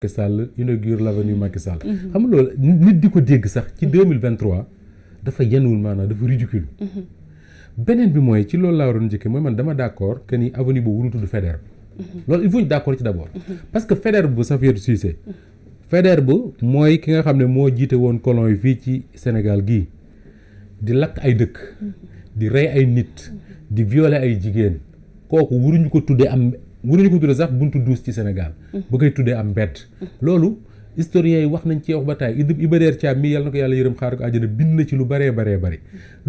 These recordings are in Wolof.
Macky Sall inaugure l'avenue mm-hmm. Macky Sall. Mm-hmm. xam nga loolu nit di ko dégg sax ci 2023 dafa yenuwul maanaam dafa ridicule. Mm-hmm. beneen bi mooy ci loolu laa waroon njëkkee mooy man dama d'accord que ni avenue boobu warul tudd Faidherbe. loolu il faut ñu d'accord ci d'abord. parce que Faidherbe bu Safiatou Cissé. Faidherbe bu mooy ki nga xam ne moo jiite woon colon yi fii ci Sénégal gii di lakk ay dëkk. di rey ay nit. di violer ay jigéen kooku waruñu ko tuddee am. mënuñu ko tuddee sax buntu douze ci Sénégal. ba koy tuddee am mbedd. loolu historiens yi wax nañ ci wax ba taay Iba Der Thiam mii yàlla na ko yàlla yërëm xaar ko àjjana bind na ci lu bëree bëree bëri.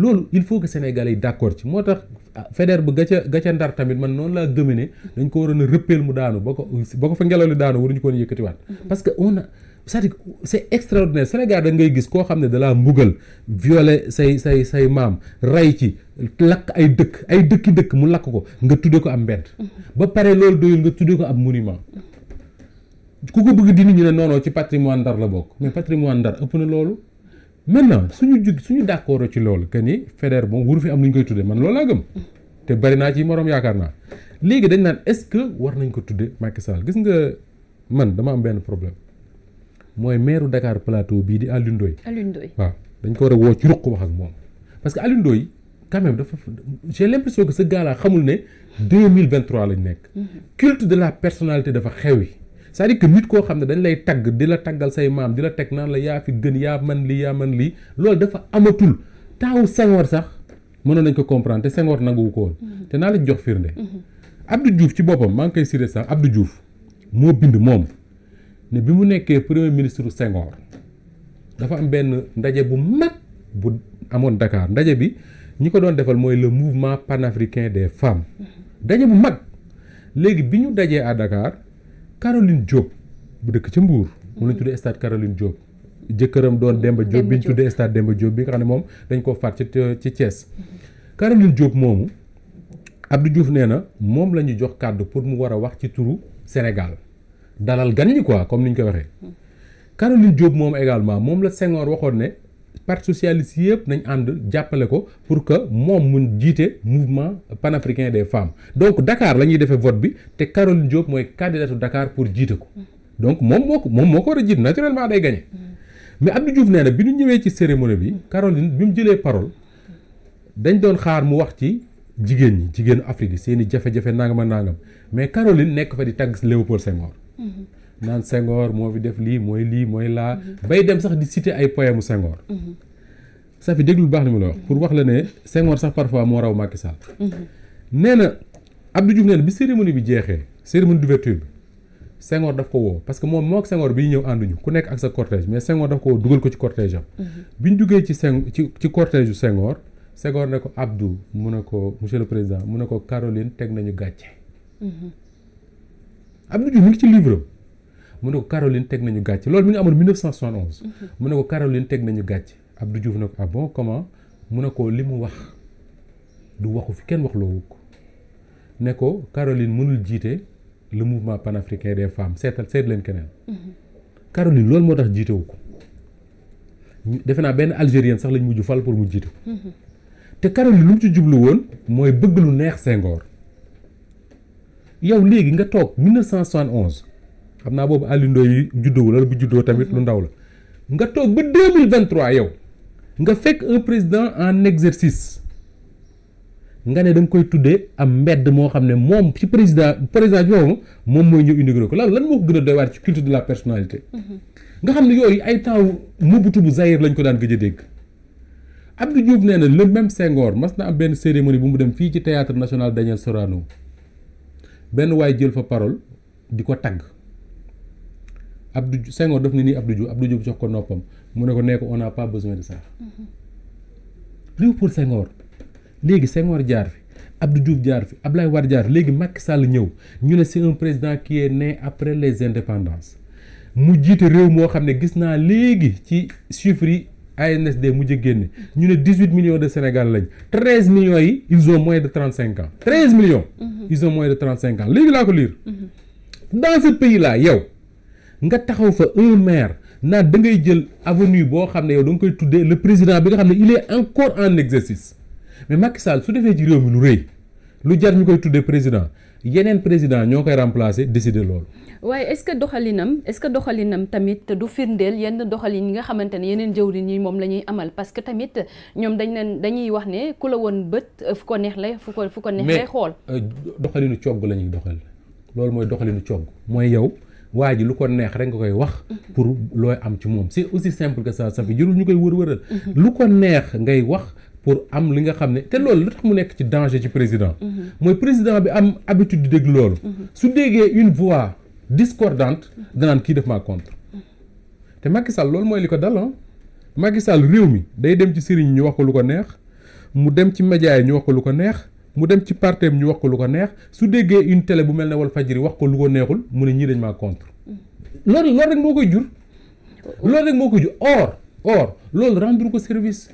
loolu il faut que sénégalais yi d' accord ci moo tax ah, fédère bu ga ca ndar tamit man noonu laa gëmee ne dañ ko waroon a rëppeel mu daanu ba ko ba ko fa ngelaw li daanu waruñu ko woon yëkkatiwaat. parce que on c'est-à-dire c'est extraordinaire Sénégal da ngay gis koo xam ne dalaa mbugal violer say say say maam rey ci lakk ay dëkk ay dëkki dëkk mu lakk ko nga tudde ko am mbedd ba pare loolu doyul nga tudde ko am monument ku ko bëgg di dindi ñu ne noonoo ci patrimoine ndar la bokk mais patrimoine ndar ëpp na loolu maintenant suñu jug suñu d'accord ci loolu que ni fédère moom waru fi am lu ñu koy tuddee man loolu laa gëm te bari naa ci moroom yaakaar naa léegi dañ naan est-ce que war nañ ko tudde Macky Sall gis nga man dama am benn problème mooy maire Dakar Plateau bii di Alioune Ndoye. Alioune dañ ko war a woo ci ruq wax moom parce que Alioune Ndoye quand même dafa j'ai l'impression que ce gars-là xamul ne 2023 lañ nekk. Mhm. culte de la personalité dafa xewi. c'est-à-dire nit koo xam ne dañ lay tagg di la taggal say maam di la teg naan la yaa fi gën yaa man lii yaa man lii loolu dafa amatul taawu Senghor sax mënoon nañ ko comprendre te Senghor nanguwu ko woon. Mhm. te naa la jox firnde. Mhm. Abdou Diouf ci boppam maa ngi koy sax Abdou Diouf moo bind moom. ne bi mu nekkee premier ministre Senghor dafa am benn ndaje bu mag bu amoon Dakar ndaje bi ñi ko doon defal mooy le mouvement panafricain des femmes ndaje bu mag léegi bi ñu dajee à Dakar Caroline Diop bu dëkk ca Mbour mu lañ tuddee stade Caroline Diop jëkkëram doon Demba Diop bi ñu tuddee stade Demba bi nga xam ne moom dañ koo faat ci Thiès Caroline Diop moomu Abdou Diouf nee na moom la jox kàddu pour mu war a wax ci turu Sénégal dalal gan ñi quoi comme ni ñu ko waxee. Hmm. Caroline Diop moom également moom la sengoor waxoon ne parti socialiste yëpp nañu ànd jàppale ko pour que moom mun jiite mouvement panafricain des femmes donc Dakar la ñuy defee vote bi te Caroline Diop mooy candidatu Dakar pour jiite ko. Hmm. donc moom moo ko moom moo ko war a jiite naturellement day gagné. Hmm. mais Abdou Diouf nee na bi ñu ñëwee ci cérémonie bi Caroline bi mu jëlee parole dañ doon xaar mu wax ci jigéen ñi jigéenu Afrique yi seen i jafe-jafe nangam ak mais Caroline nekk fa di tàgg Léopold Senghor. naan sengoor moo fi def lii mooy lii mooy laa. bay dem sax di citer ay poèmes Senghor. ça fait déglu baax li mu la wax pour wax la ne Senghor sax parfois moo raw Macky Sall. nee na Abdou Diouf nee na bi cérémonie bi jeexee cérémonie d'ouverture bi Senghor daf ko woo parce que moom moo ak Senghor bi ñëw ànduñu ku nekk ak sa cortège mais Senghor daf ko woo dugal ko ci cortège am. bi ñu duggee ci Seng ci ci cortège sengoor Senghor ne ko Abdou mu ne ko monsieur le président mu ne ko Caroline teg nañu gàcce. Abdou ci livre mu ne ko Caroline teg nañu gàcc loolu mi ngi amoon 1971. Mhm. mu ne ko Caroline teg nañu gàcc Abdou Diouf ne ko ah bon comment mu ne ko li mu wax du waxu fi kenn wax loowu ko ne ko Caroline mënul jiite le mouvement panafricain des femmes seetal seet leen keneen. Mhm. Caroline loolu moo tax jiitewu ko naa benn algérien sax lañ mujj fal pour mu jiite ko. Mhm. te lu mu ci jublu woon mooy bëgg lu neex Senghor yow léegi nga toog 1971 xam naa boobu àllindoo yi juddowul wala bu juddoo tamit lu ndaw la nga toog ba deux mille vingt yow nga fekk un président en exercice nga ne da koy tuddee am mbedd moo xam ne moom ci président président bi moom mooy ñëw inauguré ko lan lan moo ko gën a doy waar ci culture de la personalité mm-hmm. nga xam ne yooyu ay temps Mobutu bu Zaïre lañ ko daan gëj a dégg. Abdou Diouf nee na le même Senghor mas na am benn cérémonie bi mu dem fii ci théâtre national Daniel Sorano benn waay jël fa parole di ko tagg. Abdou Senghor daf ne nii Abdou Diouf Abdou Diouf jox ko noppam mu ne ko nee ko on n'a pas besoin de ça. Léopold léegi Senghor jaar fi Abdou Diouf jaar fi Ablaye war jaar léegi Macky Sall ñëw ñu ne c'est un président qui est né après les indépendances mu jiite réew moo xam ne gis naa léegi ci chiffres yi ANSD mujj a génne ñu ne dix huit millions de Sénégal lañ treize million yi ils ont moins de trente cinq ans treize millions. Mhm. ils ont moins de trente cinq ans léegi laa ko lire. Mhm. dans ce pays yow. nga taxaw fa un maire naa da ngay jël avenue boo xam ne yow da koy tuddee le président bi nga xam ne il est encore en exercice mais Macky Sall su defee ci réew mi lu rëy lu jar ñu koy tuddee président yeneen président ñoo koy remplacer décider lool waaye est-ce que doxalinam est-ce que doxalinam tamit du firndeel yenn doxalin yi nga xamante ne yeneen jëwriñ yi moom la ñuy amal parce que tamit ñoom dañ leen dañuy wax ne ku la woon bët fu ko neex lay fu ko fu ko neex lay xool. Euh, doxalinu cogg la ñuy doxal loolu mooy doxalinu cogg mooy yow. waa ji lu ko neex rek nga koy wax pour looy am ci moom c'est aussi simple que ça sa fait jurul ñu koy wër-wëral mhm. lu ko neex ngay wax pour am li nga xam ne te loolu lu tax mu nekk ci danger ci président mhm. mooy président bi am habitude di loolu mhm. su déggee une voix discordante danaan kii def maa contre te Macky Sall loolu mooy li ko dal ah. Macky Sall réew mi day dem ci sëriñ ñu wax ko lu ko neex mu dem ci média yi ñu wax ko lu ko neex mu dem ci parteem ñu wax ko lu ko neex su déggee une télé bu mel ne faj Fadjri wax ko lu ko neexul mu ne ñii dañ maa contre loolu loolu rek moo koy jur loolu rek moo koy jur or or loolu rendre ko service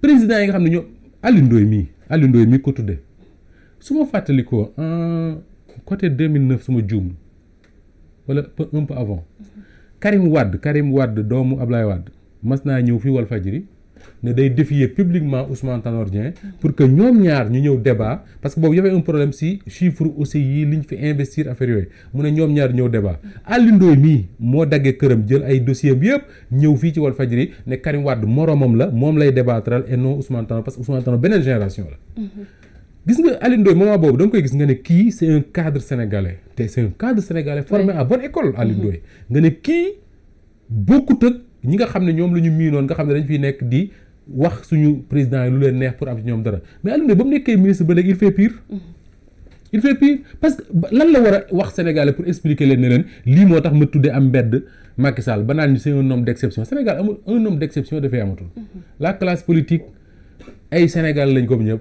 président yi nga xam ne ñoo Alioune Ndoye mii Alioune mii ko tuddee su ma fàttalikoo euh, côté mille su suma juum wala un peu avant Karim Wade Karim Wade doomu Ablaye wadd mas naa ñëw fii faj Fadjri ne day défier publiquement Ousmane Tanor Dieng pour que ñoom ñaar ñu ñëw débat parce que boobu y avait un problème si chiffre aussi yi liñ fi investir affaire yooyu mu ne ñoom ñaar ñëw débat Alioune mii moo daggee këram jël ay dossier bi yëpp ñëw fii ci Walfadjri ne Karim Wade moromam la moom lay débattral et non Ousmane Tanor parce que Ousmane Tanor beneen génération la mm-hmm. gis nga Alioune Ndoye moment boobu da nga koy gis nga ne kii c'est un cadre sénégalais te c'est un cadre sénégalais ñi nga xam ne ñoom la ñu miinoon nga xam ne dañ fiy nekk di wax suñu président yi lu leen neex pour am ci ñoom dara mais Alioune Ndoye ba mu nekkee ministre ba léegi il fait pire. il parce que lan la war a wax Sénégalais pour expliquer leen ne leen lii moo tax ma tuddee am mbedd Macky Sall ba naan ñu c'est un homme d'exception Sénégal amul un homme d'exception dafay amatul. la classe politique ay Sénégal lañ ko comme ñëpp.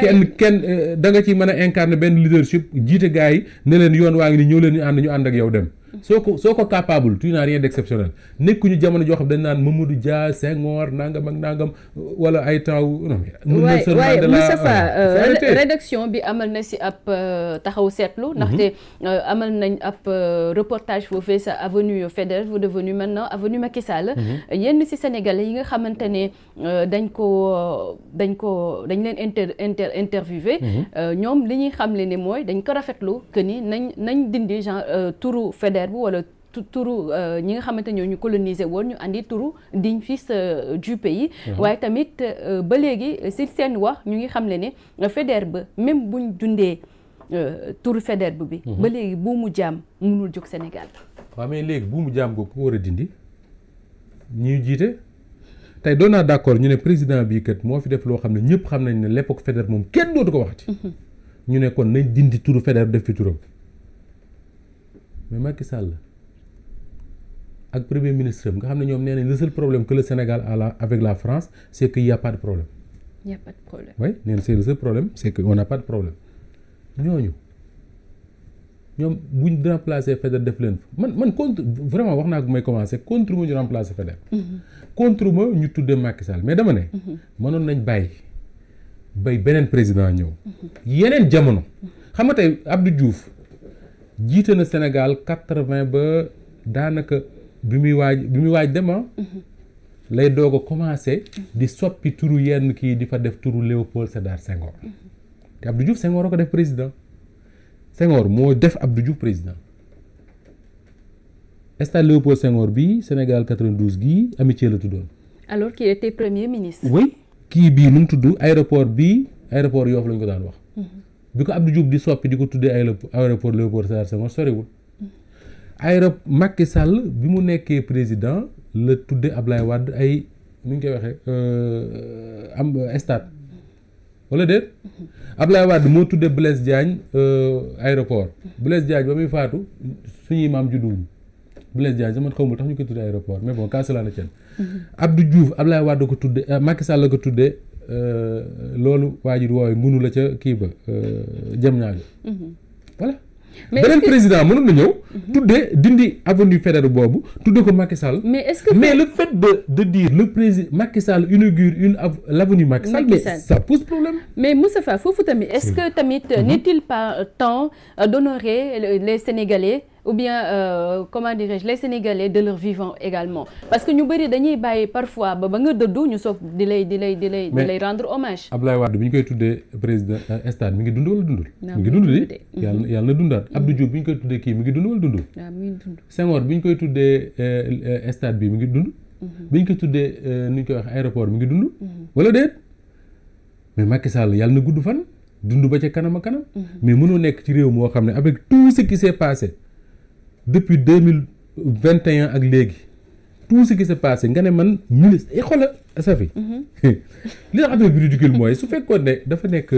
kenn kenn euh, da nga ci mën a incarner benn leadership jiite gars yi ne leen yoon waa ngi ni ñëw leen ñu ànd ànd ak yow dem. soo ko soo ko capable tu n'as rien d'exceptionnel nekkuñu jamono joo xam dañ naan Mamadou Dia Senghor nangam ak nangam ay temps wu. non mais euh, rédaction bi amal na si ab euh, taxaw seetlu. ndaxte mhm. euh, amal nañ ab reportage foofee sa avenue Faidherbe devenue maintenant avenue ma Sall. Mhm. yenn si Sénégalais yi nga xamante ne dañ ko dañ ko dañ leen inter inter interviewé. Mhm. ñoom li ñuy xamle ne mooy dañ ko rafetlu que ni nañ nañ dindi genre turu Faidherbe DER bi wala turu euh, ñi nga xamante ñoo ñu coloniser woon ñu andi turu digne fils euh, du pays mhm. waaye tamit euh, ba léegi si seen wax ñu ngi xam le ne Faidherbe même buñ dundee turu Faidherbe bi mhm. ba léegi buumu jaam mënul jóg Sénégal waaw mais léegi buumu jaam googu ko war a dindi ñuy jiite tey doon naa ñu ne président bii kat moo fi def loo xam ne ñëpp xam nañ ne l'époque Faidherbe moom kenn dootu ko waxati mhm. ñu ne kon nañ dindi turu Faidherbe def fi turam mais Macky Sall ak premier ministre nga xam ne ñoom nee nañ le seul problème la avec la France c' est que a pas de problème. y' a pas de problème oui bu ñu remplacer Faidherbe def leen man man contre vraiment wax naa ko may commencé mhm. contre ma ñu remplacer contre ma ñu tuddee Macky Sall mais dama ne. Mhm. mënoon nañ bàyyi bay beneen président ñëw. Mhm. yeneen jamono xam nga tey jiite na Sénégal quatre vingt ba daanaka bi muy waaj bi muy waaj dema ah. mhm. lay doog commencé. di soppi turu yenn kii di fa def turu Léopold Sédar Senghor. Mhm. te Abdou Diouf Senghor a ko def président séngoor moo def Abdou Diouf président stade Léopold Senghor bii Sénégal 92 gii amitié la tuddoon. alors qu'il était premier ministre. oui kii bii nu mu tudd aéroport bii aéroport Yoff lañ ko daan wax. Mhm. bi ko Abdou Diouf di soppi di ko tuddee ay aéroport Léopold Sédar Senghor soriwul. aéroport Macky sàll bi mu nekkee président la ab Ablaye wadd ay nu ñu koy waxee euh, am euh, stade wala ab Ablaye Wade moo tuddee Blaise Diagne euh, aéroport Blaise Diagne ba muy faatu suñuy maam judduwuñu Blaise Diagne sama xawma tax ñu koy tuddee aéroport mais bon quand cela ne tienne mm-hmm. Abdou Diouf Ablaye Wade ko tuddee Macky Sall la ko Euh, loolu waajur wooyu mënu la ca kii ba euh, jëm ñaajo mhm. voilà beneen président mënoon na ñëw mhm. tuddee dindi avenue Faidherbe boobu tuddee ko Macky Sall mais est-ce que mais le fait de de dire le président Macky Sall inaugure une l'avenue Macky Sall mais ça pose problème mais Moustapha foofu tamit est-ce que tamit mhm. n'est-il pas temps euh, d'honorer les Sénégalais ou bien euh, comment les Sénégalais de leur vivant également parce que ñu bëri dañuy bàyyi parfois ba ba nga dëddu ñu soog di lay di lay di lay. di lay rendre hommage. Abdoulaye Wade bi ñu koy tuddee président euh, stade mi ngi dund wala dundul. ngi dund de mhm. yàlla yàlla na dundaat mhm. Abdou Diouf bi ñu koy tuddee kii mi ngi dund wala dundul. waaw ah, mi bi ñu koy tuddee euh, euh, stade bi mi ngi dund. Mhm. bi ñu koy tuddee nu ñu koy wax aéroport mi ngi dund. wala déet mais Macky Sall yàlla na gudd fan dund ba ca kanam a kanam. mais mënoo nekk ci réew moo xam ne avec tout ce qui s'est passé. depuis deux mille vingt et un ak léegi tout ce qui s'est passé nga ne man ministre yi eh, xoolal mm-hmm. Safi li tax affaire bi ridicule mooy su fekkoon ne dafa nekk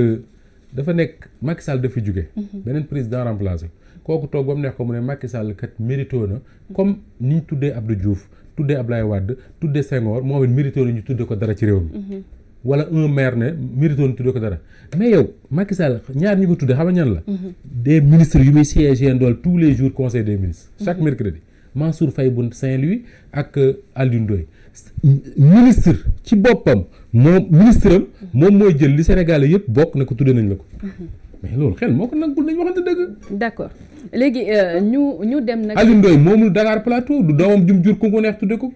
dafa nekk Macky Sall dafa juge mm-hmm. beneen président remplace kooku toog ba mu neex ko mu ne Macky Sall kat mérito na comme ni ñu tuddee Abdou Diouf tuddee Ablaye Wade tuddee Senghor moom it mérito na ñu tuddee ko dara ci réew mi mm-hmm. wala un maire ne méritoon tuddee ko dara mais yow Macky Sall ñaar ñu ko tuddee xam la. Mhm. des ministres yu muy siégé ndool tous les jours conseil des ministres. Mhm. chaque mercredi Mansour Faye bu Saint-Louis ak euh, Alioune ministre ci boppam moom ministre mhm. moom mooy jël li Sénégalais yëpp bokk na ko tuddee nañ la ko. mais loolu xel moo ko nangul nañu waxante dëgg. d' accord léegi euh, ñu ñu dem nag. Alioune Ndoye moomul Dakar Plateau du doomam jum jur ku ko neex ko.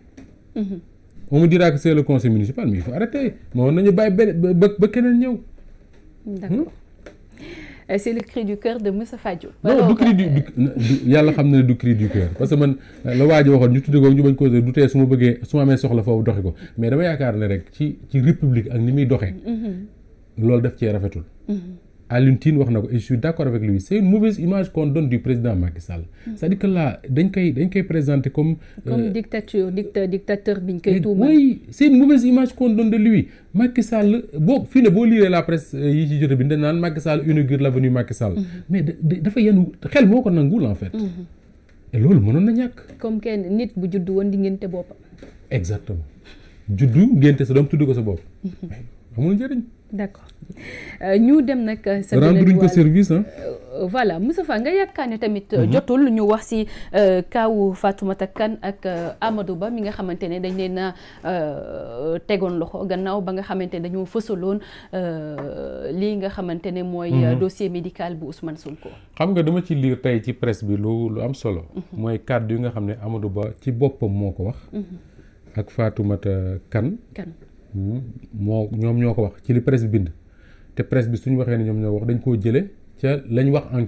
on me dira que c'est le conseil municipal mais il faut arrêter moo nañu bàyyi ba ba keneen ñëw. d'accord euh, c'est le cri du cœur de Moussa Fadio. non du cri euh, yàlla xam na du cri du cœur parce man la waa ji waxoon ñu tuddee ko ñu bañ ko du tee su ma bëggee su ma amee soxla foofu doxi ko mais dama yaakaar ne rek ci ci république ak ni muy doxee. Mhm. loolu daf cee rafetul. Mhm. Alioune Tine wax na ko et je d' accord avec lui c' est une mauvaise image qu'on donne du président Macky Sall. c' est à dañ koy dañ koy présenter comme. Euh, dictature dictateur bi ñu koy tuumal. oui c' est image qu'on de lui Macky Sall boo fii ne boo liiree la presse euh, yi ci jot bi dañ naan Macky Sall inaugure l' avenue Macky Sall. Hmm. mais dafa yenu xel moo ko nangul en fait. Hmm. loolu mënoon na ñàkk. comme kenn nit bu juddu woon di ngénte boppam. exactement juddu ngénte sa doom tudd ko sa bopp. Hmm. amul d'accord euh, ñu dem nag. Euh, sa beneen service ah. voilà Moustapha nga yaakaar ne tamit. Mhm. jotul ñu wax si kaawu Fatoumata kan ak Amadou Ba mi nga xamante ne dañ leen a tegoon loxo gannaaw ba nga xamante ne dañoo fësaloon lii nga xamante ne mooy. Mhm. dossier médical bu Ousmane ko xam nga dama ci liir tey ci presse bi lu lu am solo. Mhm. mooy kàddu yi nga xam ne Amadou Ba ci boppam moo ko wax. ak Fatoumata Kane. Hmm. moo ñoom ñoo ko wax ci li presse bi bind te presse bi suñu waxee ne ñoom ñoo ko wax dañ koo jëlee ca lañ wax en